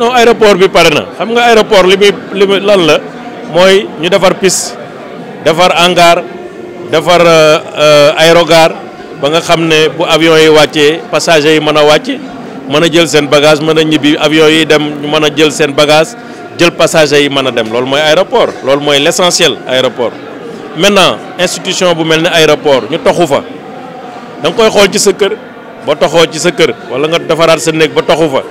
non aéroport bi pare na xam nga aéroport li muy lan la mooy ñu defar piste defar hangar defar euh, euh, aérogare ba nga xam ne bu avion yi wàccee passagers yi mën a wàcc mën a jël seen bagage mën a ñibbi avion yi dem ñu mën a jël seen bagage jël passagers yi mën a dem loolu mooy aéroport loolu mooy l'essentiel aéroport maintenant institution bu mel ne aéroport ñu toxu fa da koy xool ci sa kër ba toxoo ci sa kër wala nga defaraat sa néeg ba toxu fa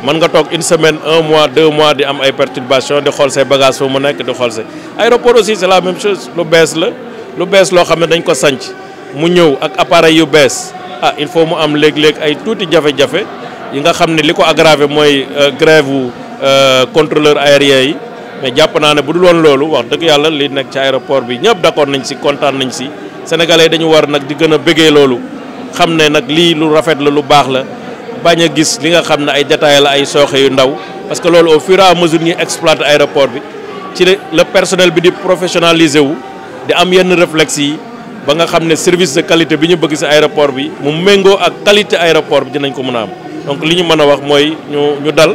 mën nga toog une semaine un mois deux mois di am ay perturbations di xool say bagages mu nekk di xool say aéroport aussi c'est la même chose lu bees la lu bees loo xam ne dañ ko sanc mu ñëw ak appareil yu bees ah il faut mu am léeg-léeg ay tuuti jafe-jafe yi nga xam ne li ko aggravé mooy euh, grève wu euh, contrôleur aérien yi mais jàpp naa ne bu du woon loolu wax dëgg yàlla li nekk ci aéroport bi ñëpp d'accord nañ si kontaan nañ si sénégalais dañu war nag di gën a bëggee loolu xam ne nag lii lu rafet la lu baax la bañ a gis li nga xam ne ay détails la ay sooxe yu ndaw parce que loolu au fur et à mesure ñuy exploiter aéroport bi ci le personnel bi di professionnaliser wu di am yenn réflexe yi ba nga xam ne service de qualité bi ñu bëgg si aéroport bi mu méngoo ak qualité aéroport bi dinañ ko mën a am donc li ñu mën a wax mooy ñu ñu dal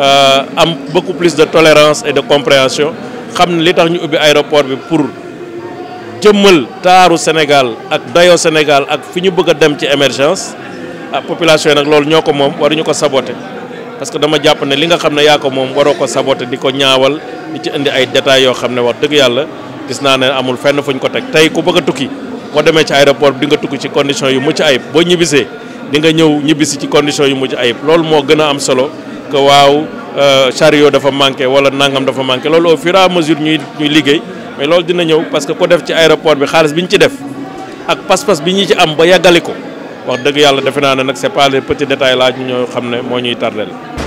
euh, am beaucoup plus de tolérance et de compréhension xam ne li tax ñu ubbi aéroport bi pour jëmmal taaru Sénégal ak dayoo Sénégal ak fi ñu bëgg a dem ci émergence ah population yi nag loolu ñoo ko moom waruñu ko saboter parce que dama jàpp ne li nga xam ne yaa ko moom waroo ko saboter di ko ñaawal di ci indi ay détails yoo xam ne wax dëgg yàlla gis naa ne amul fenn fuñ ko teg tey ku bëgg a tukki boo demee ci aéroport di nga tukki ci condition yi mucc ayib boo ñibbisee di nga ñëw ñibbisi ci condition yu mucc ayib loolu moo gën a am solo que waaw euh, chariot dafa manqué wala nangam dafa manqué loolu au fur et mesure ñuy ñuy liggéey mais loolu dina ñëw parce que ko def ci aéroport bi xaalis bi ñu ci def ak pas bi ñu ci am ba yàggali ko wax dëgg yàlla defe naa ne nag c'est pas les petits détails là ñoo xam ne moo ñuy tardel